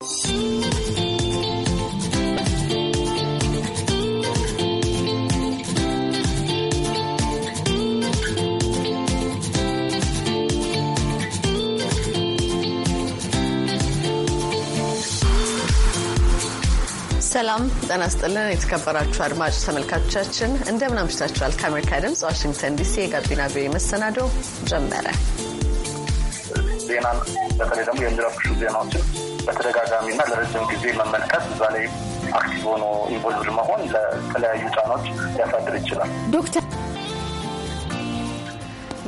ሰላም ጤና ይስጥልን። የተከበራችሁ አድማጭ ተመልካቾቻችን እንደምን አምሽታችኋል? ከአሜሪካ ድምጽ ዋሽንግተን ዲሲ የጋቢና ቪኦኤ መሰናዶ ጀመረ። ዜና በተለይ ደግሞ የምዕራፍ ዜናዎችን በተደጋጋሚና ለረጅም ጊዜ መመልከት እዛ ላይ አክቲቭ ሆኖ ኢንቮልቭድ መሆን ለተለያዩ ጫናዎች ሊያሳድር ይችላል። ዶክተር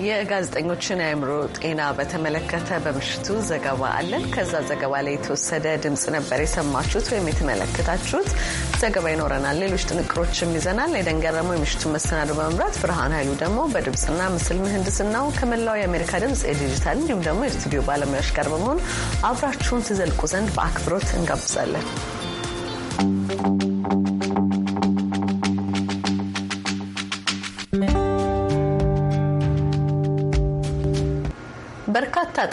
የጋዜጠኞችን የአእምሮ ጤና በተመለከተ በምሽቱ ዘገባ አለን። ከዛ ዘገባ ላይ የተወሰደ ድምፅ ነበር የሰማችሁት ወይም የተመለከታችሁት። ዘገባ ይኖረናል፣ ሌሎች ጥንቅሮችም ይዘናል። የደንገረመው የምሽቱን መሰናዶ በመምራት ብርሃን ኃይሉ ደግሞ በድምፅና ምስል ምህንድስናው ከመላው የአሜሪካ ድምፅ የዲጂታል እንዲሁም ደግሞ የስቱዲዮ ባለሙያዎች ጋር በመሆን አብራችሁን ትዘልቁ ዘንድ በአክብሮት እንጋብዛለን።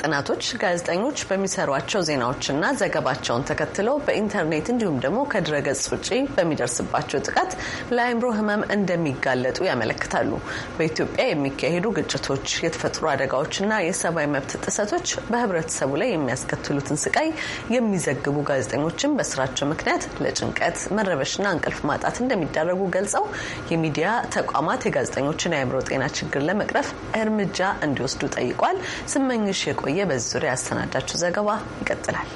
ጥናቶች ጋዜጠኞች በሚሰሯቸው ዜናዎችና ዘገባቸውን ተከትለው በኢንተርኔት እንዲሁም ደግሞ ከድረገጽ ውጪ በሚደርስባቸው ጥቃት ለአይምሮ ህመም እንደሚጋለጡ ያመለክታሉ። በኢትዮጵያ የሚካሄዱ ግጭቶች፣ የተፈጥሮ አደጋዎችና የሰብአዊ መብት ጥሰቶች በህብረተሰቡ ላይ የሚያስከትሉትን ስቃይ የሚዘግቡ ጋዜጠኞችን በስራቸው ምክንያት ለጭንቀት መረበሽና እንቅልፍ ማጣት እንደሚዳረጉ ገልጸው የሚዲያ ተቋማት የጋዜጠኞችን የአይምሮ ጤና ችግር ለመቅረፍ እርምጃ እንዲወስዱ ጠይቋል። ስመኝሽ የቆየ በዚህ ዙሪያ ያሰናዳችው ዘገባ ይቀጥላል።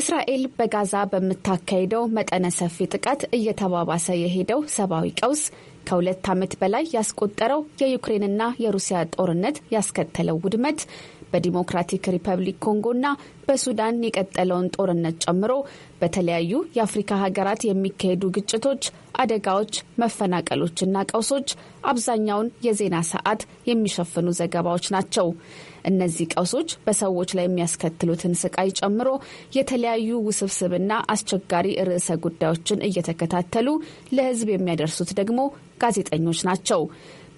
እስራኤል በጋዛ በምታካሄደው መጠነ ሰፊ ጥቃት እየተባባሰ የሄደው ሰብአዊ ቀውስ ከሁለት ዓመት በላይ ያስቆጠረው የዩክሬንና የሩሲያ ጦርነት ያስከተለው ውድመት በዲሞክራቲክ ሪፐብሊክ ኮንጎና በሱዳን የቀጠለውን ጦርነት ጨምሮ በተለያዩ የአፍሪካ ሀገራት የሚካሄዱ ግጭቶች፣ አደጋዎች፣ መፈናቀሎችና ቀውሶች አብዛኛውን የዜና ሰዓት የሚሸፍኑ ዘገባዎች ናቸው። እነዚህ ቀውሶች በሰዎች ላይ የሚያስከትሉትን ስቃይ ጨምሮ የተለያዩ ውስብስብና አስቸጋሪ ርዕሰ ጉዳዮችን እየተከታተሉ ለሕዝብ የሚያደርሱት ደግሞ ጋዜጠኞች ናቸው።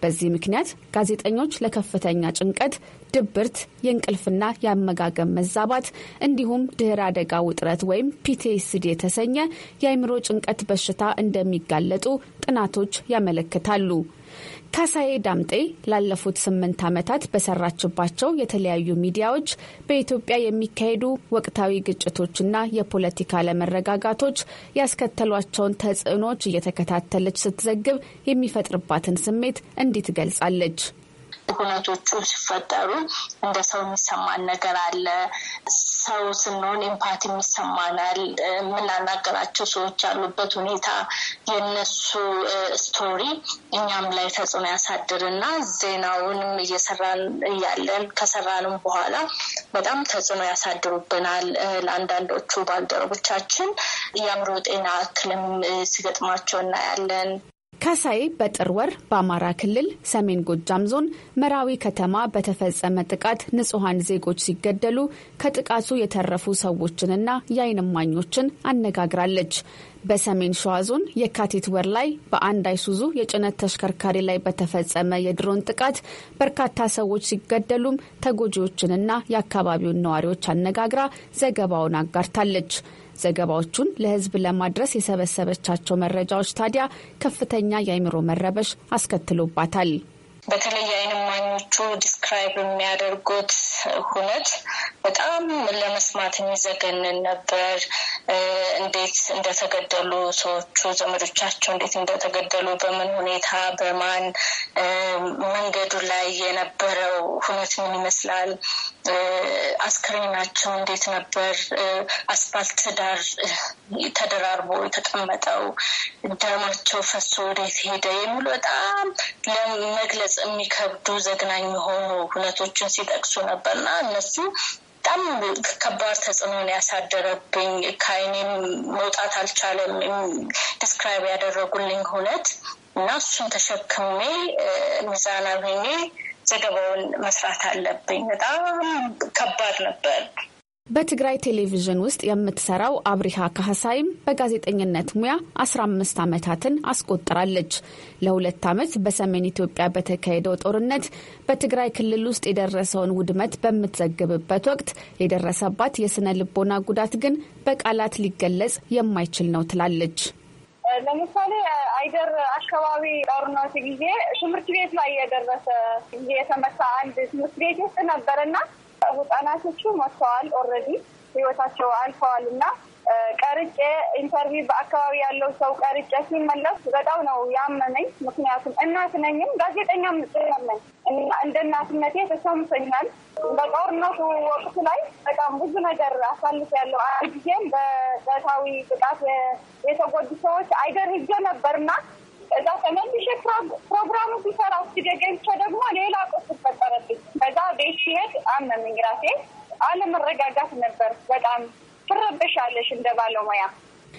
በዚህ ምክንያት ጋዜጠኞች ለከፍተኛ ጭንቀት፣ ድብርት፣ የእንቅልፍና የአመጋገብ መዛባት እንዲሁም ድህረ አደጋ ውጥረት ወይም ፒቲኤስዲ የተሰኘ የአእምሮ ጭንቀት በሽታ እንደሚጋለጡ ጥናቶች ያመለክታሉ። ካሳዬ ዳምጤ ላለፉት ስምንት ዓመታት በሰራችባቸው የተለያዩ ሚዲያዎች በኢትዮጵያ የሚካሄዱ ወቅታዊ ግጭቶችና የፖለቲካ አለመረጋጋቶች ያስከተሏቸውን ተጽዕኖዎች እየተከታተለች ስትዘግብ የሚፈጥርባትን ስሜት እንዲህ ትገልጻለች። ሁነቶቹ ሲፈጠሩ እንደ ሰው የሚሰማን ነገር አለ። ሰው ስንሆን ኤምፓቲ የሚሰማናል። የምናናገራቸው ሰዎች ያሉበት ሁኔታ የነሱ ስቶሪ እኛም ላይ ተጽዕኖ ያሳድርና ዜናውንም እየሰራን እያለን ከሰራንም በኋላ በጣም ተጽዕኖ ያሳድሩብናል። ለአንዳንዶቹ ባልደረቦቻችን የአእምሮ ጤና እክልም ሲገጥማቸው እናያለን። ከሳይ በጥር ወር በአማራ ክልል ሰሜን ጎጃም ዞን መራዊ ከተማ በተፈጸመ ጥቃት ንጹሐን ዜጎች ሲገደሉ ከጥቃቱ የተረፉ ሰዎችንና የአይን እማኞችን አነጋግራለች። በሰሜን ሸዋ ዞን የካቲት ወር ላይ በአንድ አይሱዙ የጭነት ተሽከርካሪ ላይ በተፈጸመ የድሮን ጥቃት በርካታ ሰዎች ሲገደሉም ተጎጂዎችንና የአካባቢውን ነዋሪዎች አነጋግራ ዘገባውን አጋርታለች። ዘገባዎቹን ለሕዝብ ለማድረስ የሰበሰበቻቸው መረጃዎች ታዲያ ከፍተኛ የአይምሮ መረበሽ አስከትሎባታል። በተለይ አይን እማኞቹ ዲስክራይብ የሚያደርጉት ሁነት በጣም ለመስማት የሚዘገንን ነበር። እንዴት እንደተገደሉ ሰዎቹ ዘመዶቻቸው እንዴት እንደተገደሉ በምን ሁኔታ በማን መንገዱ ላይ የነበረው ሁነት ምን ይመስላል? አስክሬናቸው እንዴት ነበር? አስፋልት ዳር ተደራርቦ የተቀመጠው ደማቸው ፈሶ ወዴት ሄደ? የሚሉ በጣም ለመግለጽ የሚከብዱ ዘግናኝ የሆኑ ሁነቶችን ሲጠቅሱ ነበርና እነሱ በጣም ከባድ ተጽዕኖን ያሳደረብኝ ከአይኔም መውጣት አልቻለም ዲስክራይብ ያደረጉልኝ ሁነት እና እሱን ተሸክሜ ሚዛናዊ ሆኜ ዘገባውን መስራት አለብኝ። በጣም ከባድ ነበር። በትግራይ ቴሌቪዥን ውስጥ የምትሰራው አብሪሃ ካህሳይም በጋዜጠኝነት ሙያ 15 ዓመታትን አስቆጥራለች። ለሁለት ዓመት በሰሜን ኢትዮጵያ በተካሄደው ጦርነት በትግራይ ክልል ውስጥ የደረሰውን ውድመት በምትዘግብበት ወቅት የደረሰባት የስነ ልቦና ጉዳት ግን በቃላት ሊገለጽ የማይችል ነው ትላለች። ለምሳሌ አይደር አካባቢ ጦርነት ጊዜ ትምህርት ቤት ላይ የደረሰ ጊዜ የተመታ አንድ ትምህርት ቤት ውስጥ ነበርና ህጻናቶቹ ሞተዋል፣ ኦልሬዲ ህይወታቸው አልፈዋል እና ቀርጬ ኢንተርቪው በአካባቢ ያለው ሰው ቀርጬ ሲመለስ በጣም ነው ያመመኝ። ምክንያቱም እናት ነኝም ጋዜጠኛም ነኝ እንደ እናትነቴ ተሰምቶኛል። በጦርነቱ ወቅት ላይ በጣም ብዙ ነገር አሳልፍ ያለው ጊዜም በጾታዊ ጥቃት የተጎዱ ሰዎች አይደር ሂጄ ነበርና ፕሮግራሙ ሲሰራው ውስጥ ገብቼ ደግሞ ሌላ ቁስ ፈጠረብኝ። ከዛ ቤት ሲሄድ አመመኝ ራሴ። አለመረጋጋት ነበር በጣም ትረበሻለሽ እንደ ባለሙያ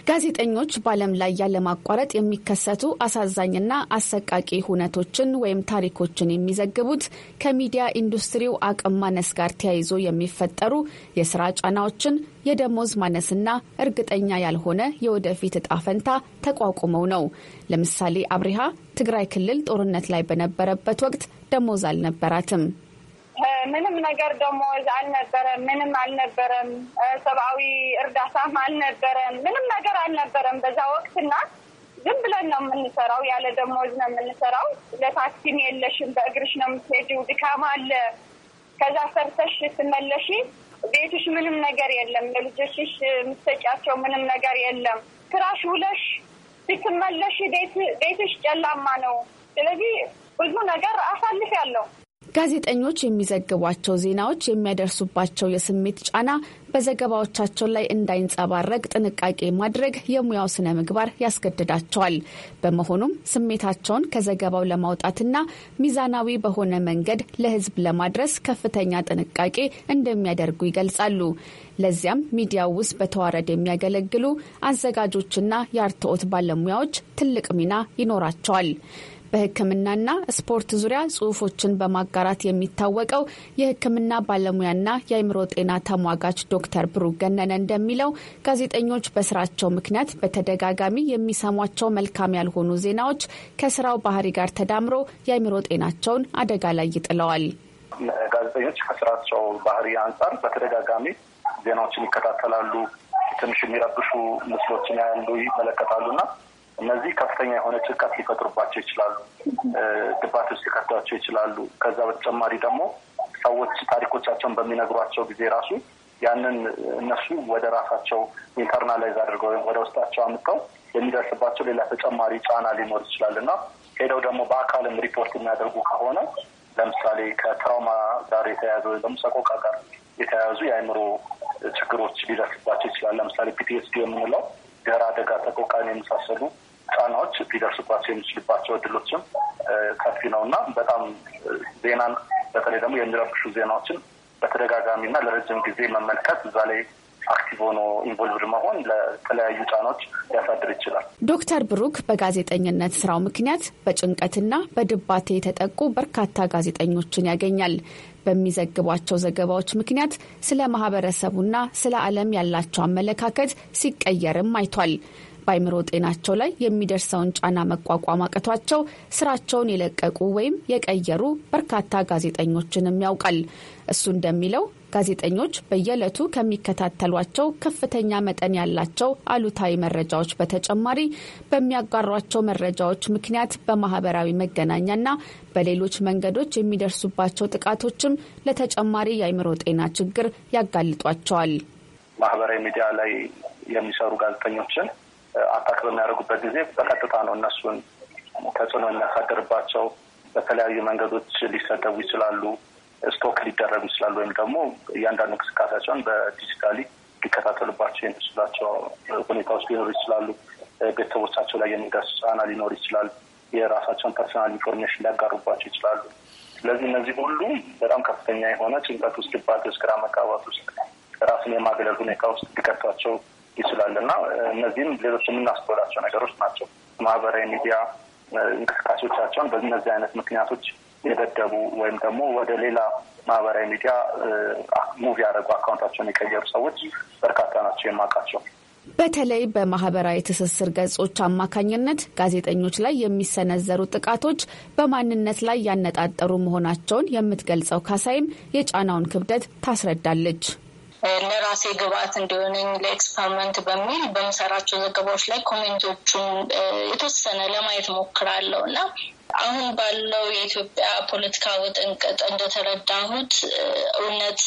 ጋዜጠኞች በዓለም ላይ ያለማቋረጥ የሚከሰቱ አሳዛኝና አሰቃቂ ሁነቶችን ወይም ታሪኮችን የሚዘግቡት ከሚዲያ ኢንዱስትሪው አቅም ማነስ ጋር ተያይዞ የሚፈጠሩ የስራ ጫናዎችን፣ የደሞዝ ማነስና እርግጠኛ ያልሆነ የወደፊት እጣ ፈንታ ተቋቁመው ነው። ለምሳሌ አብሪሃ ትግራይ ክልል ጦርነት ላይ በነበረበት ወቅት ደሞዝ አልነበራትም። ምንም ነገር ደሞዝ አልነበረም። ምንም አልነበረም። ሰብአዊ እርዳታም አልነበረም። ምንም ነገር አልነበረም በዛ ወቅትና ዝም ብለን ነው የምንሰራው። ያለ ደሞዝ ነው የምንሰራው። ለታክሲም የለሽም፣ በእግርሽ ነው የምትሄጂው። ድካም አለ። ከዛ ሰርተሽ ስትመለሺ ቤትሽ ምንም ነገር የለም። ለልጆችሽ የምትሰጫቸው ምንም ነገር የለም። ክራሽ ውለሽ ስትመለሽ ቤትሽ ጨላማ ነው። ስለዚህ ብዙ ነገር አሳልፍ ያለው ጋዜጠኞች የሚዘግቧቸው ዜናዎች የሚያደርሱባቸው የስሜት ጫና በዘገባዎቻቸው ላይ እንዳይንጸባረቅ ጥንቃቄ ማድረግ የሙያው ስነ ምግባር ያስገድዳቸዋል። በመሆኑም ስሜታቸውን ከዘገባው ለማውጣትና ሚዛናዊ በሆነ መንገድ ለሕዝብ ለማድረስ ከፍተኛ ጥንቃቄ እንደሚያደርጉ ይገልጻሉ። ለዚያም ሚዲያው ውስጥ በተዋረድ የሚያገለግሉ አዘጋጆችና የአርትዖት ባለሙያዎች ትልቅ ሚና ይኖራቸዋል። በሕክምናና ስፖርት ዙሪያ ጽሁፎችን በማጋራት የሚታወቀው የሕክምና ባለሙያና የአይምሮ ጤና ተሟጋች ዶክተር ብሩ ገነነ እንደሚለው ጋዜጠኞች በስራቸው ምክንያት በተደጋጋሚ የሚሰሟቸው መልካም ያልሆኑ ዜናዎች ከስራው ባህሪ ጋር ተዳምሮ የአይምሮ ጤናቸውን አደጋ ላይ ይጥለዋል። ጋዜጠኞች ከስራቸው ባህሪ አንጻር በተደጋጋሚ ዜናዎችን ይከታተላሉ። ትንሽ የሚረብሹ ምስሎችን ያሉ ይመለከታሉ እነዚህ ከፍተኛ የሆነ ጭንቀት ሊፈጥሩባቸው ይችላሉ። ድባት ውስጥ ሊከቷቸው ይችላሉ። ከዛ በተጨማሪ ደግሞ ሰዎች ታሪኮቻቸውን በሚነግሯቸው ጊዜ ራሱ ያንን እነሱ ወደ ራሳቸው ኢንተርናላይዝ አድርገው ወይም ወደ ውስጣቸው አምጥተው የሚደርስባቸው ሌላ ተጨማሪ ጫና ሊኖር ይችላል እና ሄደው ደግሞ በአካልም ሪፖርት የሚያደርጉ ከሆነ ለምሳሌ ከትራውማ ጋር የተያያዘ ወይም ደግሞ ሰቆቃ ጋር የተያያዙ የአእምሮ ችግሮች ሊደርስባቸው ይችላል። ለምሳሌ ፒቲኤስዲ የምንለው ድህረ አደጋ ሰቆቃን የመሳሰሉ ጫናዎች ሊደርሱባቸው የሚችልባቸው እድሎችም ሰፊ ነው እና በጣም ዜናን በተለይ ደግሞ የሚረብሹ ዜናዎችን በተደጋጋሚ እና ለረጅም ጊዜ መመልከት እዛ ላይ አክቲቭ ሆኖ ኢንቮልቭድ መሆን ለተለያዩ ጫናዎች ሊያሳድር ይችላል። ዶክተር ብሩክ በጋዜጠኝነት ስራው ምክንያት በጭንቀትና በድባቴ የተጠቁ በርካታ ጋዜጠኞችን ያገኛል። በሚዘግቧቸው ዘገባዎች ምክንያት ስለ ማህበረሰቡና ስለ ዓለም ያላቸው አመለካከት ሲቀየርም አይቷል። በአይምሮ ጤናቸው ላይ የሚደርሰውን ጫና መቋቋም አቅቷቸው ስራቸውን የለቀቁ ወይም የቀየሩ በርካታ ጋዜጠኞችንም ያውቃል። እሱ እንደሚለው ጋዜጠኞች በየዕለቱ ከሚከታተሏቸው ከፍተኛ መጠን ያላቸው አሉታዊ መረጃዎች በተጨማሪ በሚያጋሯቸው መረጃዎች ምክንያት በማህበራዊ መገናኛና በሌሎች መንገዶች የሚደርሱባቸው ጥቃቶችም ለተጨማሪ የአይምሮ ጤና ችግር ያጋልጧቸዋል። ማህበራዊ ሚዲያ ላይ የሚሰሩ ጋዜጠኞችን አታክ በሚያደርጉበት ጊዜ በቀጥታ ነው እነሱን ተጽዕኖ የሚያሳድርባቸው። በተለያዩ መንገዶች ሊሰደቡ ይችላሉ፣ ስቶክ ሊደረጉ ይችላሉ፣ ወይም ደግሞ እያንዳንዱ እንቅስቃሴያቸውን በዲጂታሊ ሊከታተሉባቸው የሚችላቸው ሁኔታዎች ሊኖሩ ይችላሉ። ቤተሰቦቻቸው ላይ የሚደርስ ጫና ሊኖር ይችላል። የራሳቸውን ፐርሰናል ኢንፎርሜሽን ሊያጋሩባቸው ይችላሉ። ስለዚህ እነዚህ ሁሉ በጣም ከፍተኛ የሆነ ጭንቀት ውስጥ፣ ድባቴ ውስጥ፣ ግራ መጋባት ውስጥ ራስን የማግለል ሁኔታ ውስጥ ሊከቷቸው ይችላል እና እነዚህም ሌሎች የምናስተውላቸው ነገሮች ናቸው። ማህበራዊ ሚዲያ እንቅስቃሴዎቻቸውን በእነዚህ አይነት ምክንያቶች የበደቡ ወይም ደግሞ ወደ ሌላ ማህበራዊ ሚዲያ ሙቪ ያደረጉ አካውንታቸውን የቀየሩ ሰዎች በርካታ ናቸው የማውቃቸው። በተለይ በማህበራዊ ትስስር ገጾች አማካኝነት ጋዜጠኞች ላይ የሚሰነዘሩ ጥቃቶች በማንነት ላይ ያነጣጠሩ መሆናቸውን የምትገልጸው ካሳይም የጫናውን ክብደት ታስረዳለች። ለራሴ ግብአት እንዲሆነኝ ለኤክስፐሪመንት በሚል በምሰራቸው ዘገባዎች ላይ ኮሜንቶቹን የተወሰነ ለማየት ሞክራለሁ እና አሁን ባለው የኢትዮጵያ ፖለቲካ ውጥንቅጥ እንደተረዳሁት እውነት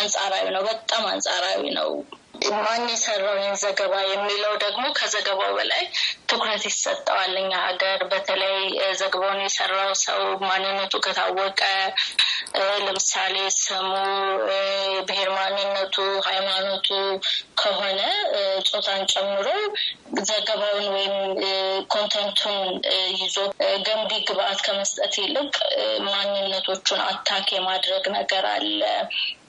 አንጻራዊ ነው፣ በጣም አንጻራዊ ነው። ማን የሰራውን ዘገባ የሚለው ደግሞ ከዘገባው በላይ ትኩረት ይሰጠዋል። እኛ ሀገር በተለይ ዘገባውን የሰራው ሰው ማንነቱ ከታወቀ ለምሳሌ ስሙ፣ ብሔር ማንነቱ፣ ሃይማኖቱ ከሆነ ጾታን ጨምሮ ዘገባውን ወይም ኮንተንቱን ይዞ ገንቢ ግብአት ከመስጠት ይልቅ ማንነቶቹን አታክ የማድረግ ነገር አለ።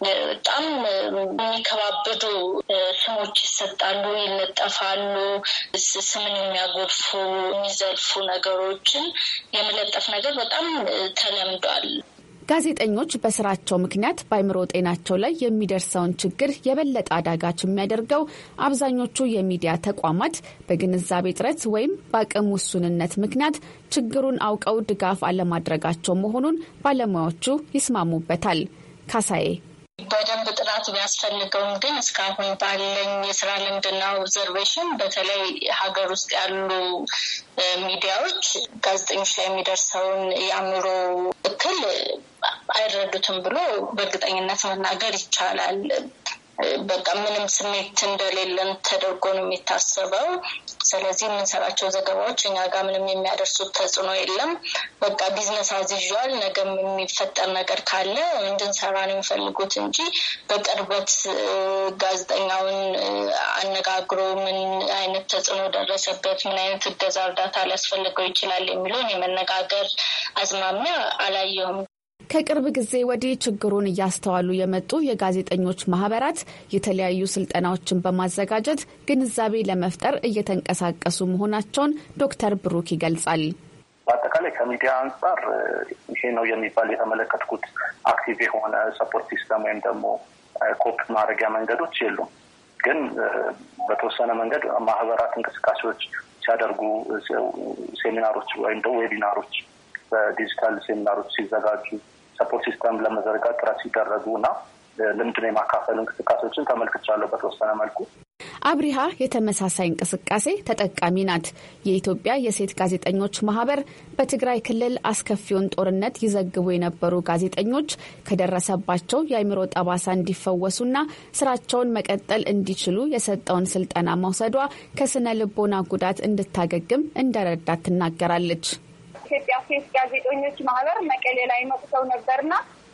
በጣም የሚከባብዱ ስሞች ይሰጣሉ፣ ይለጠፋሉ። ስምን የሚያጎድፉ የሚዘልፉ ነገሮችን የመለጠፍ ነገር በጣም ተለምዷል። ጋዜጠኞች በስራቸው ምክንያት በአይምሮ ጤናቸው ላይ የሚደርሰውን ችግር የበለጠ አዳጋች የሚያደርገው አብዛኞቹ የሚዲያ ተቋማት በግንዛቤ እጥረት ወይም በአቅም ውሱንነት ምክንያት ችግሩን አውቀው ድጋፍ አለማድረጋቸው መሆኑን ባለሙያዎቹ ይስማሙበታል። ካሳዬ በደንብ ጥናት ቢያስፈልገውም ግን እስካሁን ባለኝ የስራ ልምድና ኦብዘርቬሽን በተለይ ሀገር ውስጥ ያሉ ሚዲያዎች ጋዜጠኞች ላይ የሚደርሰውን የአእምሮ እክል አይረዱትም ብሎ በእርግጠኝነት መናገር ይቻላል። በቃ ምንም ስሜት እንደሌለን ተደርጎ ነው የሚታሰበው። ስለዚህ የምንሰራቸው ዘገባዎች እኛ ጋር ምንም የሚያደርሱት ተጽዕኖ የለም። በቃ ቢዝነስ አዝዣል ነገም የሚፈጠር ነገር ካለ እንድንሰራ ነው የሚፈልጉት እንጂ በቅርበት ጋዜጠኛውን አነጋግሮ ምን አይነት ተጽዕኖ ደረሰበት፣ ምን አይነት እገዛ እርዳታ ሊያስፈልገው ይችላል የሚለውን የመነጋገር አዝማሚያ አላየውም። ከቅርብ ጊዜ ወዲህ ችግሩን እያስተዋሉ የመጡ የጋዜጠኞች ማህበራት የተለያዩ ስልጠናዎችን በማዘጋጀት ግንዛቤ ለመፍጠር እየተንቀሳቀሱ መሆናቸውን ዶክተር ብሩክ ይገልጻል። በአጠቃላይ ከሚዲያ አንጻር ይሄ ነው የሚባል የተመለከትኩት አክቲቭ የሆነ ሰፖርት ሲስተም ወይም ደግሞ ኮፕ ማድረጊያ መንገዶች የሉም። ግን በተወሰነ መንገድ ማህበራት እንቅስቃሴዎች ሲያደርጉ ሴሚናሮች ወይም ደግሞ ዌቢናሮች በዲጂታል ሴሚናሮች ሲዘጋጁ ሰፖርት ሲስተም ለመዘርጋት ጥረት ሲደረጉ እና ልምድን የማካፈል እንቅስቃሴዎችን ተመልክቻለሁ በተወሰነ መልኩ። አብሪሃ የተመሳሳይ እንቅስቃሴ ተጠቃሚ ናት። የኢትዮጵያ የሴት ጋዜጠኞች ማህበር በትግራይ ክልል አስከፊውን ጦርነት ይዘግቡ የነበሩ ጋዜጠኞች ከደረሰባቸው የአእምሮ ጠባሳ እንዲፈወሱና ስራቸውን መቀጠል እንዲችሉ የሰጠውን ስልጠና መውሰዷ ከስነ ልቦና ጉዳት እንድታገግም እንደረዳት ትናገራለች። የኢትዮጵያ ፕሬስ ጋዜጠኞች ማህበር መቀሌ ላይ መጥተው ነበርና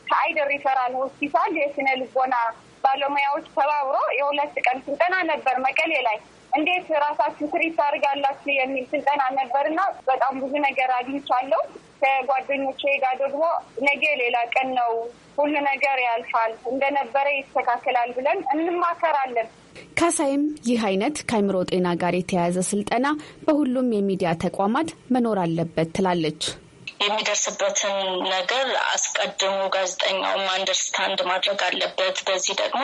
ከአይደር ሪፈራል ሆስፒታል የስነ ልቦና ባለሙያዎች ተባብሮ የሁለት ቀን ስልጠና ነበር መቀሌ ላይ እንዴት ራሳችሁ ትሪት ታደርጋላችሁ የሚል ስልጠና ነበርና በጣም ብዙ ነገር አግኝቻለሁ። ከጓደኞቼ ጋር ደግሞ ነገ ሌላ ቀን ነው፣ ሁሉ ነገር ያልፋል፣ እንደነበረ ይስተካከላል ብለን እንማከራለን። ካሳይም ይህ አይነት ከአይምሮ ጤና ጋር የተያያዘ ስልጠና በሁሉም የሚዲያ ተቋማት መኖር አለበት ትላለች። የሚደርስበትን ነገር አስቀድሞ ጋዜጠኛውም አንደርስታንድ ማድረግ አለበት። በዚህ ደግሞ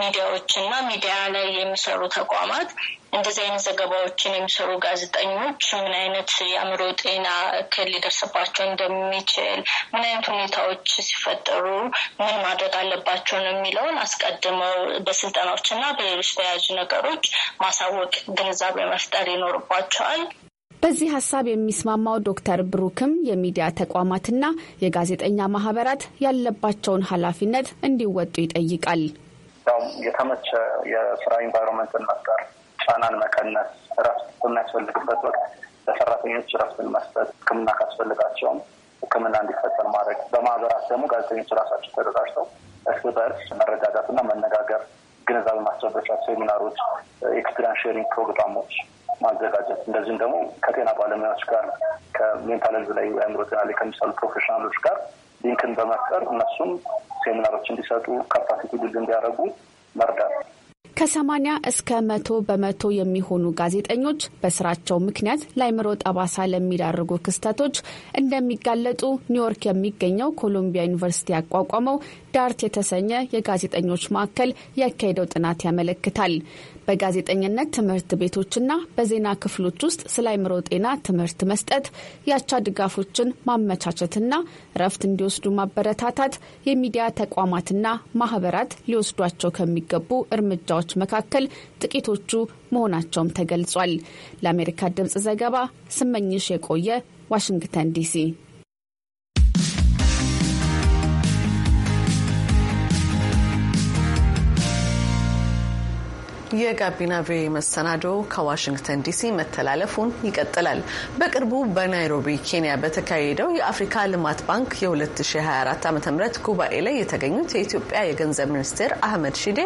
ሚዲያዎች እና ሚዲያ ላይ የሚሰሩ ተቋማት እንደዚህ አይነት ዘገባዎችን የሚሰሩ ጋዜጠኞች ምን አይነት የአእምሮ ጤና እክል ሊደርስባቸው እንደሚችል፣ ምን አይነት ሁኔታዎች ሲፈጠሩ ምን ማድረግ አለባቸው ነው የሚለውን አስቀድመው በስልጠናዎች እና በሌሎች ተያያዥ ነገሮች ማሳወቅ፣ ግንዛቤ መፍጠር ይኖርባቸዋል። በዚህ ሀሳብ የሚስማማው ዶክተር ብሩክም የሚዲያ ተቋማትና የጋዜጠኛ ማህበራት ያለባቸውን ኃላፊነት እንዲወጡ ይጠይቃል። ያው የተመቸ የስራ ኢንቫይሮንመንትን መፍጠር ጫናን መቀነስ፣ እረፍት በሚያስፈልግበት ወቅት ለሰራተኞች እረፍትን መስጠት፣ ሕክምና ካስፈልጋቸውም ሕክምና እንዲፈጠር ማድረግ፣ በማህበራት ደግሞ ጋዜጠኞች ራሳቸው ተደራጅተው እርስ በእርስ መረጋጋትና መነጋገር፣ ግንዛቤ ማስጨበጫ ሴሚናሮች፣ ኤክስፒሪያንስ ሼሪንግ ፕሮግራሞች ማዘጋጀት እንደዚሁም ደግሞ ከጤና ባለሙያዎች ጋር ከሜንታል ሄልዝ ላይ የአእምሮ ጤና ላይ ከሚሰሩ ፕሮፌሽናሎች ጋር ሊንክን በመፍጠር እነሱም ሴሚናሮች እንዲሰጡ ካፓሲቲ ቢልድ እንዲያደርጉ መርዳት ከሰማኒያ እስከ መቶ በመቶ የሚሆኑ ጋዜጠኞች በስራቸው ምክንያት ለአይምሮ ጠባሳ ለሚዳርጉ ክስተቶች እንደሚጋለጡ ኒውዮርክ የሚገኘው ኮሎምቢያ ዩኒቨርሲቲ ያቋቋመው ዳርት የተሰኘ የጋዜጠኞች ማዕከል ያካሄደው ጥናት ያመለክታል። በጋዜጠኝነት ትምህርት ቤቶችና በዜና ክፍሎች ውስጥ ስለ አይምሮ ጤና ትምህርት መስጠት፣ የአቻ ድጋፎችን ማመቻቸትና እረፍት እንዲወስዱ ማበረታታት የሚዲያ ተቋማትና ማህበራት ሊወስዷቸው ከሚገቡ እርምጃዎች መካከል ጥቂቶቹ መሆናቸውም ተገልጿል። ለአሜሪካ ድምጽ ዘገባ ስመኝሽ የቆየ ዋሽንግተን ዲሲ የጋቢና ቪኦኤ መሰናዶ ከዋሽንግተን ዲሲ መተላለፉን ይቀጥላል። በቅርቡ በናይሮቢ ኬንያ በተካሄደው የአፍሪካ ልማት ባንክ የ2024 ዓ ም ጉባኤ ላይ የተገኙት የኢትዮጵያ የገንዘብ ሚኒስቴር አህመድ ሺዴ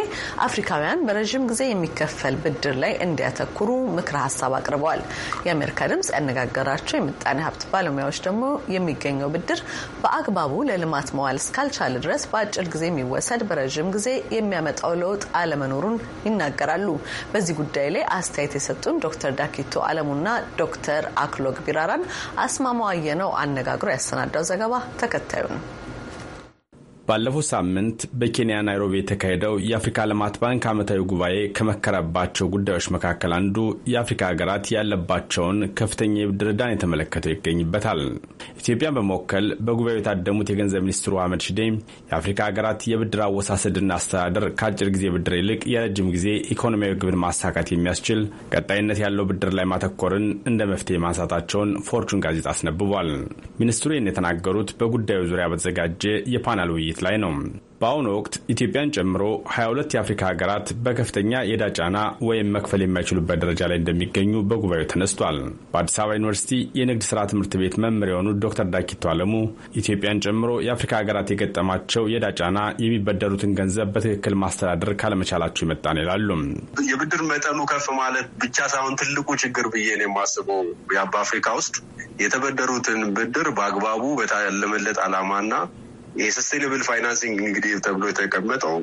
አፍሪካውያን በረዥም ጊዜ የሚከፈል ብድር ላይ እንዲያተኩሩ ምክረ ሀሳብ አቅርበዋል። የአሜሪካ ድምጽ ያነጋገራቸው የምጣኔ ሀብት ባለሙያዎች ደግሞ የሚገኘው ብድር በአግባቡ ለልማት መዋል እስካልቻለ ድረስ በአጭር ጊዜ የሚወሰድ በረዥም ጊዜ የሚያመጣው ለውጥ አለመኖሩን ይናገራል። ይችላሉ? በዚህ ጉዳይ ላይ አስተያየት የሰጡን ዶክተር ዳኪቶ አለሙና ዶክተር አክሎግ ቢራራን አስማማው አየነው አነጋግሮ ያሰናዳው ዘገባ ተከታዩ ነው። ባለፈው ሳምንት በኬንያ ናይሮቢ የተካሄደው የአፍሪካ ልማት ባንክ ዓመታዊ ጉባኤ ከመከረባቸው ጉዳዮች መካከል አንዱ የአፍሪካ ሀገራት ያለባቸውን ከፍተኛ የብድር ዕዳን የተመለከተው ይገኝበታል። ኢትዮጵያን በመወከል በጉባኤው የታደሙት የገንዘብ ሚኒስትሩ አህመድ ሽዴ የአፍሪካ ሀገራት የብድር አወሳሰድና አስተዳደር ከአጭር ጊዜ ብድር ይልቅ የረጅም ጊዜ ኢኮኖሚያዊ ግብን ማሳካት የሚያስችል ቀጣይነት ያለው ብድር ላይ ማተኮርን እንደ መፍትሄ ማንሳታቸውን ፎርቹን ጋዜጣ አስነብቧል። ሚኒስትሩ ይህን የተናገሩት በጉዳዩ ዙሪያ በተዘጋጀ የፓናል ውይይት በመጠየቅ ላይ ነው። በአሁኑ ወቅት ኢትዮጵያን ጨምሮ 22 የአፍሪካ ሀገራት በከፍተኛ የዕዳ ጫና ወይም መክፈል የማይችሉበት ደረጃ ላይ እንደሚገኙ በጉባኤው ተነስቷል። በአዲስ አበባ ዩኒቨርሲቲ የንግድ ስራ ትምህርት ቤት መምህር የሆኑት ዶክተር ዳኪቶ አለሙ ኢትዮጵያን ጨምሮ የአፍሪካ ሀገራት የገጠማቸው የዕዳ ጫና የሚበደሩትን ገንዘብ በትክክል ማስተዳደር ካለመቻላቸው ይመጣን ይላሉ። የብድር መጠኑ ከፍ ማለት ብቻ ሳይሆን ትልቁ ችግር ብዬ ነው የማስበው በአፍሪካ ውስጥ የተበደሩትን ብድር በአግባቡ በታለመለት ዓላማና የሰስቴነብል ፋይናንሲንግ እንግዲህ ተብሎ የተቀመጠው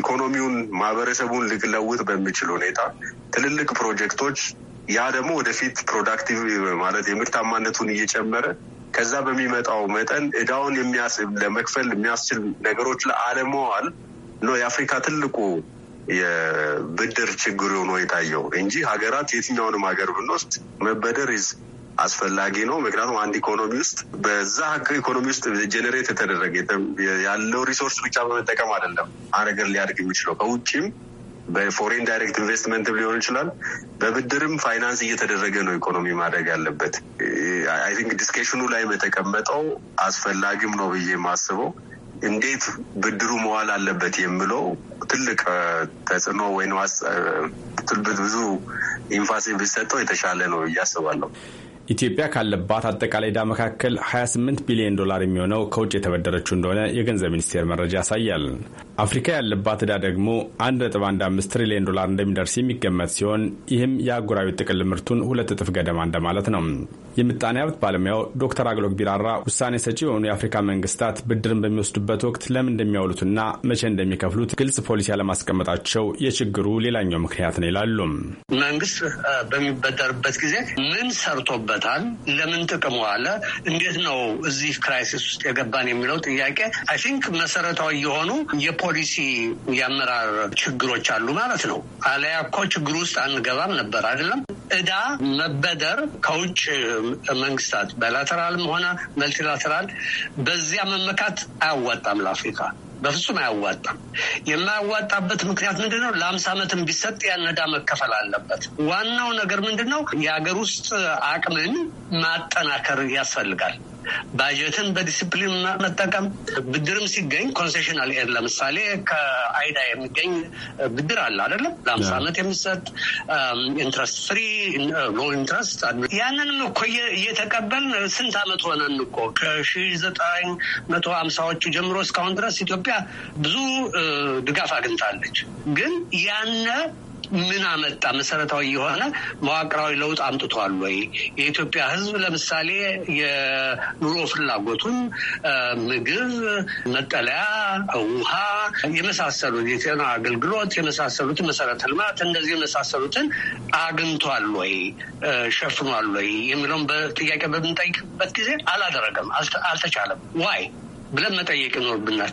ኢኮኖሚውን ማህበረሰቡን ልለውጥ በሚችል ሁኔታ ትልልቅ ፕሮጀክቶች ያ ደግሞ ወደፊት ፕሮዳክቲቭ ማለት የምርታማነቱን እየጨመረ ከዛ በሚመጣው መጠን እዳውን ለመክፈል የሚያስችል ነገሮች ለአለመዋል ነው የአፍሪካ ትልቁ የብድር ችግር ሆኖ የታየው እንጂ ሀገራት የትኛውንም ሀገር ብንወስድ መበደር አስፈላጊ ነው። ምክንያቱም አንድ ኢኮኖሚ ውስጥ በዛ ኢኮኖሚ ውስጥ ጀኔሬት የተደረገ ያለው ሪሶርስ ብቻ በመጠቀም አይደለም አነገር ሊያድግ የሚችለው ከውጭም በፎሬን ዳይሬክት ኢንቨስትመንት ሊሆን ይችላል። በብድርም ፋይናንስ እየተደረገ ነው ኢኮኖሚ ማድረግ ያለበት። አይ ቲንክ ዲስከሽኑ ላይ በተቀመጠው አስፈላጊም ነው ብዬ የማስበው እንዴት ብድሩ መዋል አለበት የሚለው ትልቅ ተጽዕኖ ወይም ብዙ ኢንፋሲ ቢሰጠው የተሻለ ነው ብዬ አስባለሁ። ኢትዮጵያ ካለባት አጠቃላይ ዕዳ መካከል 28 ቢሊዮን ዶላር የሚሆነው ከውጭ የተበደረችው እንደሆነ የገንዘብ ሚኒስቴር መረጃ ያሳያል። አፍሪካ ያለባት ዕዳ ደግሞ 1.15 ትሪሊዮን ዶላር እንደሚደርስ የሚገመት ሲሆን ይህም የአህጉራዊ ጥቅል ምርቱን ሁለት እጥፍ ገደማ እንደማለት ነው። የምጣኔ ሀብት ባለሙያው ዶክተር አግሎግ ቢራራ ውሳኔ ሰጪ የሆኑ የአፍሪካ መንግስታት ብድርን በሚወስዱበት ወቅት ለምን እንደሚያውሉትና መቼ እንደሚከፍሉት ግልጽ ፖሊሲ አለማስቀመጣቸው የችግሩ ሌላኛው ምክንያት ነው ይላሉ። መንግስት በሚበደርበት ጊዜ ምን ሰርቶበታል? ለምን ጥቅሙ አለ? እንዴት ነው እዚህ ክራይሲስ ውስጥ የገባን የሚለው ጥያቄ አይ ቲንክ መሰረታዊ የሆኑ የፖሊሲ የአመራር ችግሮች አሉ ማለት ነው። አለያ እኮ ችግሩ ውስጥ አንገባም ነበር አይደለም። እዳ መበደር ከውጭ መንግስታት ባይላተራልም ሆነ መልቲላተራል በዚያ መመካት አያዋጣም። ለአፍሪካ በፍጹም አያዋጣም። የማያዋጣበት ምክንያት ምንድን ነው? ለአምሳ ዓመትም ቢሰጥ ያነዳ መከፈል አለበት። ዋናው ነገር ምንድን ነው? የሀገር ውስጥ አቅምን ማጠናከር ያስፈልጋል። ባጀትን በዲስፕሊን መጠቀም፣ ብድርም ሲገኝ ኮንሴሽናል ኤድ ለምሳሌ ከአይዳ የሚገኝ ብድር አለ አይደለም፣ ለአምሳ ዓመት የሚሰጥ ኢንትረስት ፍሪ ሎ ኢንትረስት። ያንንም እኮ እየተቀበልን ስንት ዓመት ሆነን እኮ ከሺ ዘጠኝ መቶ ሃምሳዎቹ ጀምሮ እስካሁን ድረስ ኢትዮጵያ ብዙ ድጋፍ አግኝታለች። ግን ያነ ምን አመጣ? መሰረታዊ የሆነ መዋቅራዊ ለውጥ አምጥቷል ወይ? የኢትዮጵያ ሕዝብ ለምሳሌ የኑሮ ፍላጎቱን ምግብ፣ መጠለያ፣ ውሃ የመሳሰሉት የጤና አገልግሎት የመሳሰሉትን መሰረተ ልማት እንደዚህ የመሳሰሉትን አግኝቷል ወይ ሸፍኗል ወይ የሚለውን ጥያቄ በምንጠይቅበት ጊዜ አላደረገም፣ አልተቻለም። ዋይ ብለን መጠየቅ ይኖርብናል።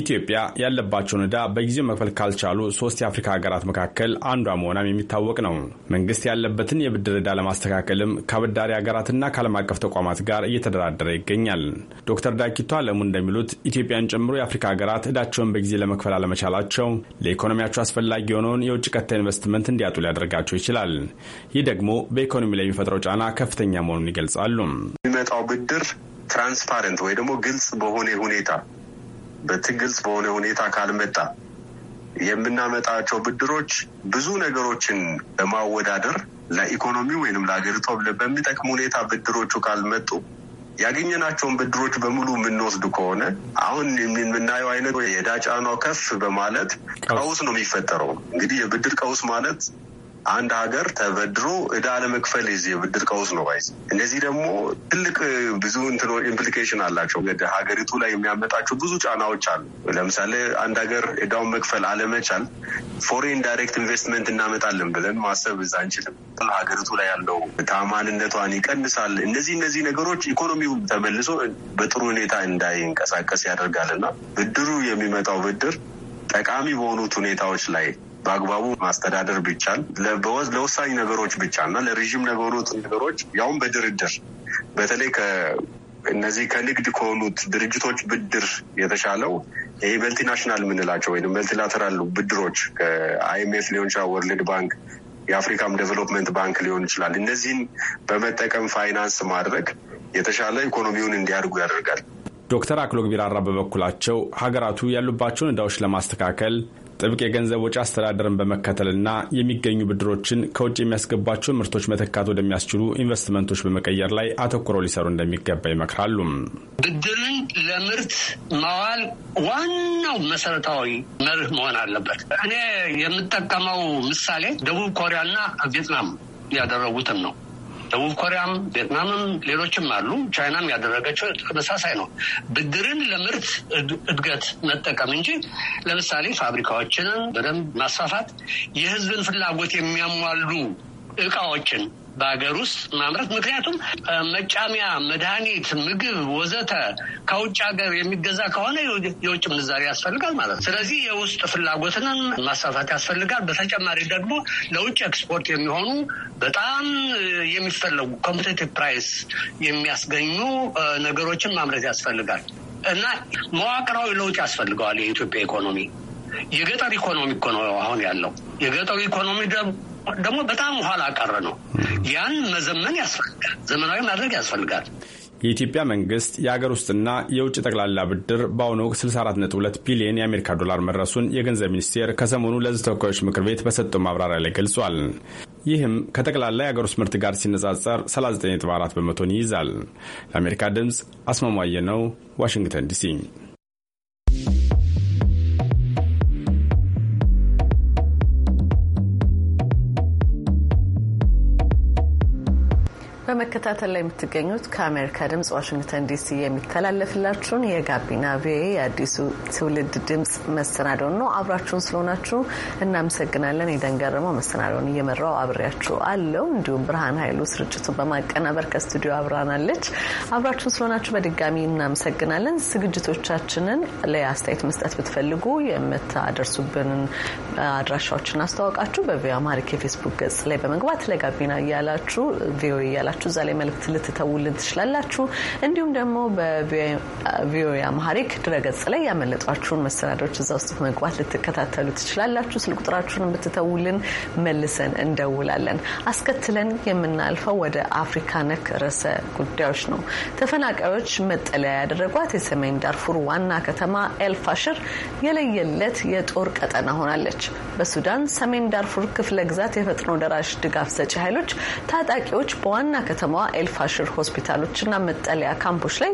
ኢትዮጵያ ያለባቸውን እዳ በጊዜው መክፈል ካልቻሉ ሶስት የአፍሪካ ሀገራት መካከል አንዷ መሆናም የሚታወቅ ነው። መንግስት ያለበትን የብድር እዳ ለማስተካከልም ከአበዳሪ ሀገራትና ከዓለም አቀፍ ተቋማት ጋር እየተደራደረ ይገኛል። ዶክተር ዳኪቶ አለሙ እንደሚሉት ኢትዮጵያን ጨምሮ የአፍሪካ ሀገራት እዳቸውን በጊዜ ለመክፈል አለመቻላቸው ለኢኮኖሚያቸው አስፈላጊ የሆነውን የውጭ ቀጥታ ኢንቨስትመንት እንዲያጡ ሊያደርጋቸው ይችላል። ይህ ደግሞ በኢኮኖሚ ላይ የሚፈጥረው ጫና ከፍተኛ መሆኑን ይገልጻሉ። የሚመጣው ብድር ትራንስፓረንት ወይ ደግሞ ግልጽ በሆነ ሁኔታ ግልጽ በሆነ ሁኔታ ካልመጣ የምናመጣቸው ብድሮች ብዙ ነገሮችን በማወዳደር ለኢኮኖሚ ወይንም ለሀገሪቷ በሚጠቅም ሁኔታ ብድሮቹ ካልመጡ ያገኘናቸውን ብድሮች በሙሉ የምንወስድ ከሆነ አሁን የምናየው አይነት የዕዳ ጫናው ከፍ በማለት ቀውስ ነው የሚፈጠረው። እንግዲህ የብድር ቀውስ ማለት አንድ ሀገር ተበድሮ እዳ ለመክፈል የብድር ቀውስ ነው ባይዝ። እነዚህ ደግሞ ትልቅ ብዙ ኢምፕሊኬሽን አላቸው። ሀገሪቱ ላይ የሚያመጣቸው ብዙ ጫናዎች አሉ። ለምሳሌ አንድ ሀገር እዳውን መክፈል አለመቻል ፎሬን ዳይሬክት ኢንቨስትመንት እናመጣለን ብለን ማሰብ እዛ አንችልም። ሀገሪቱ ላይ ያለው ታማንነቷን ይቀንሳል። እነዚህ እነዚህ ነገሮች ኢኮኖሚው ተመልሶ በጥሩ ሁኔታ እንዳይንቀሳቀስ ያደርጋልና ብድሩ የሚመጣው ብድር ጠቃሚ በሆኑት ሁኔታዎች ላይ በአግባቡ ማስተዳደር ቢቻል ለወሳኝ ነገሮች ብቻ እና ለረዥም ነገሮት ነገሮች ያውም በድርድር በተለይ እነዚህ ከንግድ ከሆኑት ድርጅቶች ብድር የተሻለው ይህ መልቲናሽናል የምንላቸው ወይም መልቲላተራል ብድሮች ከአይኤምኤፍ ሊሆን ይችላል፣ ወርልድ ባንክ፣ የአፍሪካም ዴቨሎፕመንት ባንክ ሊሆን ይችላል። እነዚህን በመጠቀም ፋይናንስ ማድረግ የተሻለ ኢኮኖሚውን እንዲያድጉ ያደርጋል። ዶክተር አክሎግ ቢራራ በበኩላቸው ሀገራቱ ያሉባቸውን እዳዎች ለማስተካከል ጥብቅ የገንዘብ ወጪ አስተዳደርን በመከተልና የሚገኙ ብድሮችን ከውጭ የሚያስገባቸውን ምርቶች መተካት ወደሚያስችሉ ኢንቨስትመንቶች በመቀየር ላይ አተኩረው ሊሰሩ እንደሚገባ ይመክራሉ። ብድርን ለምርት መዋል ዋናው መሰረታዊ መርህ መሆን አለበት። እኔ የምጠቀመው ምሳሌ ደቡብ ኮሪያና ቪየትናም ያደረጉትን ነው። ደቡብ ኮሪያም፣ ቪየትናምም ሌሎችም አሉ። ቻይናም ያደረገችው ተመሳሳይ ነው። ብድርን ለምርት እድገት መጠቀም እንጂ ለምሳሌ ፋብሪካዎችንን በደንብ ማስፋፋት የህዝብን ፍላጎት የሚያሟሉ እቃዎችን በሀገር ውስጥ ማምረት። ምክንያቱም መጫሚያ፣ መድኃኒት፣ ምግብ ወዘተ ከውጭ ሀገር የሚገዛ ከሆነ የውጭ ምንዛሪ ያስፈልጋል ማለት ነው። ስለዚህ የውስጥ ፍላጎትንም ማሳፋት ያስፈልጋል። በተጨማሪ ደግሞ ለውጭ ኤክስፖርት የሚሆኑ በጣም የሚፈለጉ ኮምፒቴቲቭ ፕራይስ የሚያስገኙ ነገሮችን ማምረት ያስፈልጋል እና መዋቅራዊ ለውጥ ያስፈልገዋል የኢትዮጵያ ኢኮኖሚ የገጠር ኢኮኖሚ እኮ ነው አሁን ያለው። የገጠሩ ኢኮኖሚ ደግሞ በጣም ኋላ ቀረ ነው። ያን መዘመን ያስፈልጋል፣ ዘመናዊ ማድረግ ያስፈልጋል። የኢትዮጵያ መንግስት የአገር ውስጥና የውጭ ጠቅላላ ብድር በአሁኑ ወቅት 642 ቢሊዮን የአሜሪካ ዶላር መድረሱን የገንዘብ ሚኒስቴር ከሰሞኑ ለሕዝብ ተወካዮች ምክር ቤት በሰጠው ማብራሪያ ላይ ገልጿል። ይህም ከጠቅላላ የአገር ውስጥ ምርት ጋር ሲነጻጸር 39.4 በመቶን ይይዛል። ለአሜሪካ ድምፅ አስማማየ ነው፣ ዋሽንግተን ዲሲ በመከታተል ላይ የምትገኙት ከአሜሪካ ድምጽ ዋሽንግተን ዲሲ የሚተላለፍላችሁን የጋቢና ቪኦኤ የአዲሱ ትውልድ ድምጽ መሰናዶን ነው። አብራችሁን ስለሆናችሁ እናመሰግናለን። የደንገረመው መሰናዶን እየመራው አብሬያችሁ አለው። እንዲሁም ብርሃን ኃይሉ ስርጭቱን በማቀናበር ከስቱዲዮ አብራናለች። አብራችሁን ስለሆናችሁ በድጋሚ እናመሰግናለን። ዝግጅቶቻችንን ለአስተያየት መስጠት ብትፈልጉ የምታደርሱብንን አድራሻዎችን አስተዋውቃችሁ በቪኦኤ አማሪክ የፌስቡክ ገጽ ላይ በመግባት ለጋቢና እያላችሁ ቪኦኤ እያላችሁ ብላችሁ እዛ ላይ መልእክት ልትተውልን ትችላላችሁ። እንዲሁም ደግሞ በቪኦኤ አማሪክ ድረገጽ ላይ ያመለጧችሁን መሰናዶች እዛ ውስጥ በመግባት ልትከታተሉ ትችላላችሁ። ስልክ ቁጥራችሁን ብትተውልን መልሰን እንደውላለን። አስከትለን የምናልፈው ወደ አፍሪካ ነክ ርዕሰ ጉዳዮች ነው። ተፈናቃዮች መጠለያ ያደረጓት የሰሜን ዳርፉር ዋና ከተማ ኤልፋሽር የለየለት የጦር ቀጠና ሆናለች። በሱዳን ሰሜን ዳርፉር ክፍለ ግዛት የፈጥኖ ደራሽ ድጋፍ ሰጪ ኃይሎች ታጣቂዎች በዋና ከተማዋ ኤልፋሽር ሆስፒታሎችና መጠለያ ካምፖች ላይ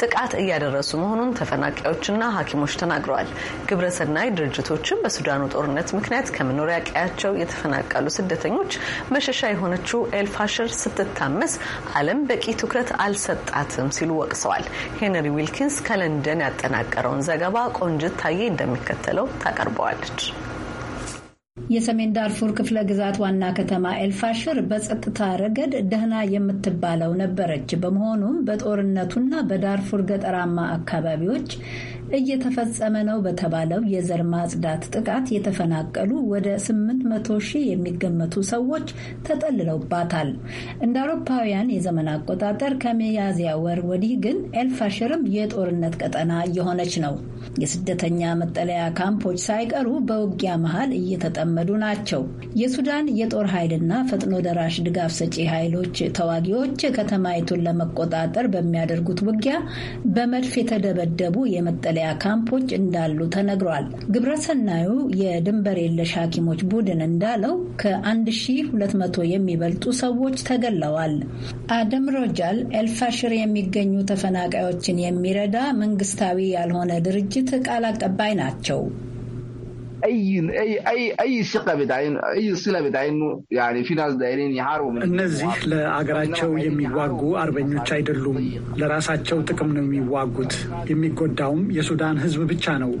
ጥቃት እያደረሱ መሆኑን ተፈናቃዮችና ሐኪሞች ተናግረዋል። ግብረሰናይ ድርጅቶችም በሱዳኑ ጦርነት ምክንያት ከመኖሪያ ቀያቸው የተፈናቀሉ ስደተኞች መሸሻ የሆነችው ኤልፋሽር ስትታመስ ዓለም በቂ ትኩረት አልሰጣትም ሲሉ ወቅሰዋል። ሄንሪ ዊልኪንስ ከለንደን ያጠናቀረውን ዘገባ ቆንጅት ታዬ እንደሚከተለው ታቀርበዋለች። የሰሜን ዳርፉር ክፍለ ግዛት ዋና ከተማ ኤልፋሽር በጸጥታ ረገድ ደህና የምትባለው ነበረች። በመሆኑም በጦርነቱና በዳርፉር ገጠራማ አካባቢዎች እየተፈጸመ ነው በተባለው የዘር ማጽዳት ጥቃት የተፈናቀሉ ወደ 800 ሺህ የሚገመቱ ሰዎች ተጠልለውባታል። እንደ አውሮፓውያን የዘመን አቆጣጠር ከሚያዝያ ወር ወዲህ ግን ኤልፋሽርም የጦርነት ቀጠና እየሆነች ነው። የስደተኛ መጠለያ ካምፖች ሳይቀሩ በውጊያ መሃል እየተጠመዱ ናቸው። የሱዳን የጦር ኃይልና ፈጥኖ ደራሽ ድጋፍ ሰጪ ኃይሎች ተዋጊዎች ከተማይቱን ለመቆጣጠር በሚያደርጉት ውጊያ በመድፍ የተደበደቡ የመጠለያ መጠለያ ካምፖች እንዳሉ ተነግሯል። ግብረሰናዩ የድንበር የለሽ ሐኪሞች ቡድን እንዳለው ከ1200 የሚበልጡ ሰዎች ተገለዋል። አደም ሮጃል ኤልፋሽር የሚገኙ ተፈናቃዮችን የሚረዳ መንግስታዊ ያልሆነ ድርጅት ቃል አቀባይ ናቸው። اي اي اي اي ثقه بتعينه اي صله بتعينه يعني في ناس دايرين يحاربوا እነዚህ ለአገራቸው የሚዋጉ አርበኞች አይደሉም። ለራሳቸው ጥቅም ነው የሚዋጉት። የሚጎዳውም የሱዳን ህዝብ ብቻ ነው።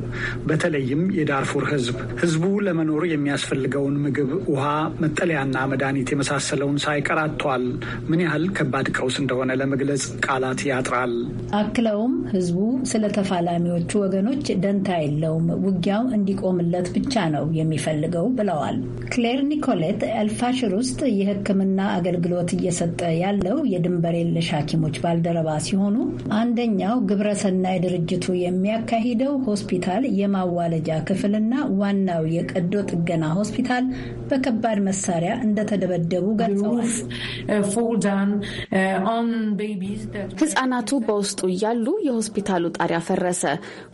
በተለይም የዳርፉር ህዝብ ህዝቡ ለመኖር የሚያስፈልገውን ምግብ፣ ውሃ፣ መጠለያና መድኃኒት የመሳሰለውን ሳይቀር አጥቷል። ምን ያህል ከባድ ቀውስ እንደሆነ ለመግለጽ ቃላት ያጥራል። አክለውም ህዝቡ ስለ ተፋላሚዎቹ ወገኖች ደንታ የለውም። ውጊያው እንዲቆምለት ብቻ ነው የሚፈልገው ብለዋል። ክሌር ኒኮሌት ኤልፋሽር ውስጥ የሕክምና አገልግሎት እየሰጠ ያለው የድንበር የለሽ ሐኪሞች ባልደረባ ሲሆኑ አንደኛው ግብረሰናይ ድርጅቱ የሚያካሂደው ሆስፒታል የማዋለጃ ክፍልና ዋናው የቀዶ ጥገና ሆስፒታል በከባድ መሳሪያ እንደተደበደቡ ገልጸዋል። ህጻናቱ በውስጡ እያሉ የሆስፒታሉ ጣሪያ ፈረሰ።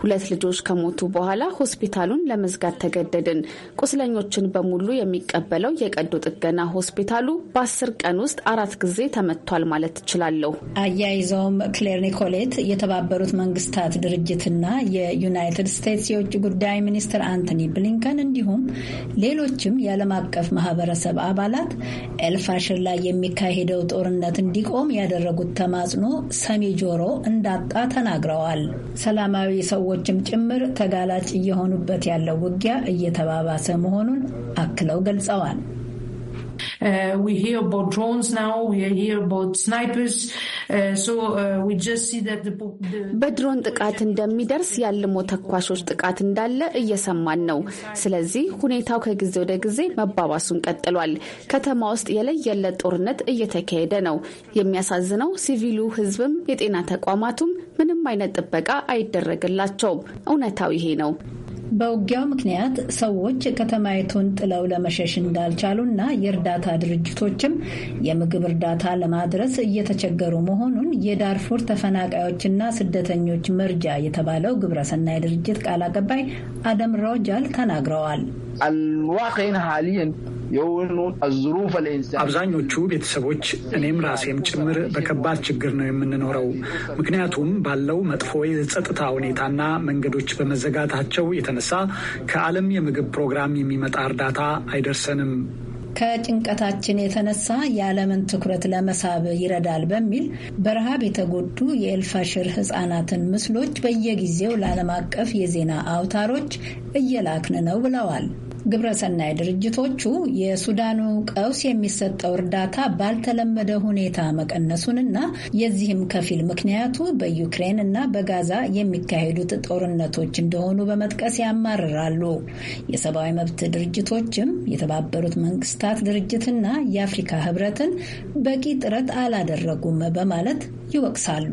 ሁለት ልጆች ከሞቱ በኋላ ሆስፒታሉን ለመዝጋት ተገደድን። ቁስለኞችን በሙሉ የሚቀበለው የቀዶ ጥገና ሆስፒታሉ በአስር ቀን ውስጥ አራት ጊዜ ተመቷል ማለት ትችላለሁ። አያይዘውም ክሌር ኒኮሌት የተባበሩት መንግስታት ድርጅትና የዩናይትድ ስቴትስ የውጭ ጉዳይ ሚኒስትር አንቶኒ ብሊንከን እንዲሁም ሌሎችም የዓለም አቀፍ ማህበረሰብ አባላት ኤልፋሽር ላይ የሚካሄደው ጦርነት እንዲቆም ያደረጉት ተማጽኖ ሰሚ ጆሮ እንዳጣ ተናግረዋል። ሰላማዊ ሰዎችም ጭምር ተጋላጭ እየሆኑበት ያለው ውጊያ እየተባባሰ መሆኑን አክለው ገልጸዋል። uh, uh, uh, በድሮን ጥቃት እንደሚደርስ ያልሞ ተኳሾች ጥቃት እንዳለ እየሰማን ነው። ስለዚህ ሁኔታው ከጊዜ ወደ ጊዜ መባባሱን ቀጥሏል። ከተማ ውስጥ የለየለት ጦርነት እየተካሄደ ነው። የሚያሳዝነው ሲቪሉ ሕዝብም የጤና ተቋማቱም ምንም አይነት ጥበቃ አይደረግላቸውም። እውነታው ይሄ ነው። በውጊያው ምክንያት ሰዎች ከተማይቱን ጥለው ለመሸሽ እንዳልቻሉና የእርዳታ ድርጅቶችም የምግብ እርዳታ ለማድረስ እየተቸገሩ መሆኑን የዳርፉር ተፈናቃዮችና ስደተኞች መርጃ የተባለው ግብረሰናይ ድርጅት ቃል አቀባይ አደም ሮጃል ተናግረዋል። አብዛኞቹ ቤተሰቦች እኔም ራሴም ጭምር በከባድ ችግር ነው የምንኖረው። ምክንያቱም ባለው መጥፎ የጸጥታ ሁኔታና መንገዶች በመዘጋታቸው የተነሳ ከዓለም የምግብ ፕሮግራም የሚመጣ እርዳታ አይደርሰንም። ከጭንቀታችን የተነሳ የዓለምን ትኩረት ለመሳብ ይረዳል በሚል በረሃብ የተጎዱ የኤልፋሽር ሕጻናትን ምስሎች በየጊዜው ለዓለም አቀፍ የዜና አውታሮች እየላክን ነው ብለዋል። ግብረሰናይ ድርጅቶቹ የሱዳኑ ቀውስ የሚሰጠው እርዳታ ባልተለመደ ሁኔታ መቀነሱንና የዚህም ከፊል ምክንያቱ በዩክሬን እና በጋዛ የሚካሄዱት ጦርነቶች እንደሆኑ በመጥቀስ ያማርራሉ። የሰብአዊ መብት ድርጅቶችም የተባበሩት መንግስታት ድርጅትና የአፍሪካ ህብረትን በቂ ጥረት አላደረጉም በማለት ይወቅሳሉ።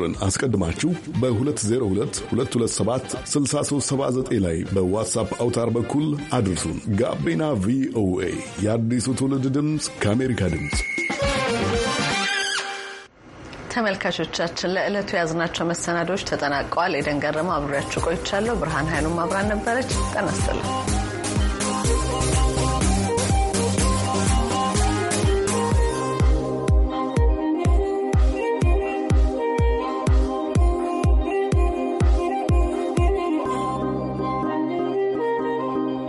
ቁጥርን አስቀድማችሁ በ202227 6379 ላይ በዋትሳፕ አውታር በኩል አድርሱን። ጋቢና ቪኦኤ የአዲሱ ትውልድ ድምፅ ከአሜሪካ ድምፅ ተመልካቾቻችን ለዕለቱ የያዝናቸው መሰናዶዎች ተጠናቀዋል። ኤደን ገረመው አብሬያችሁ ቆይቻለሁ። ብርሃን ኃይሉም አብራን ነበረች። ጤና ይስጥልኝ።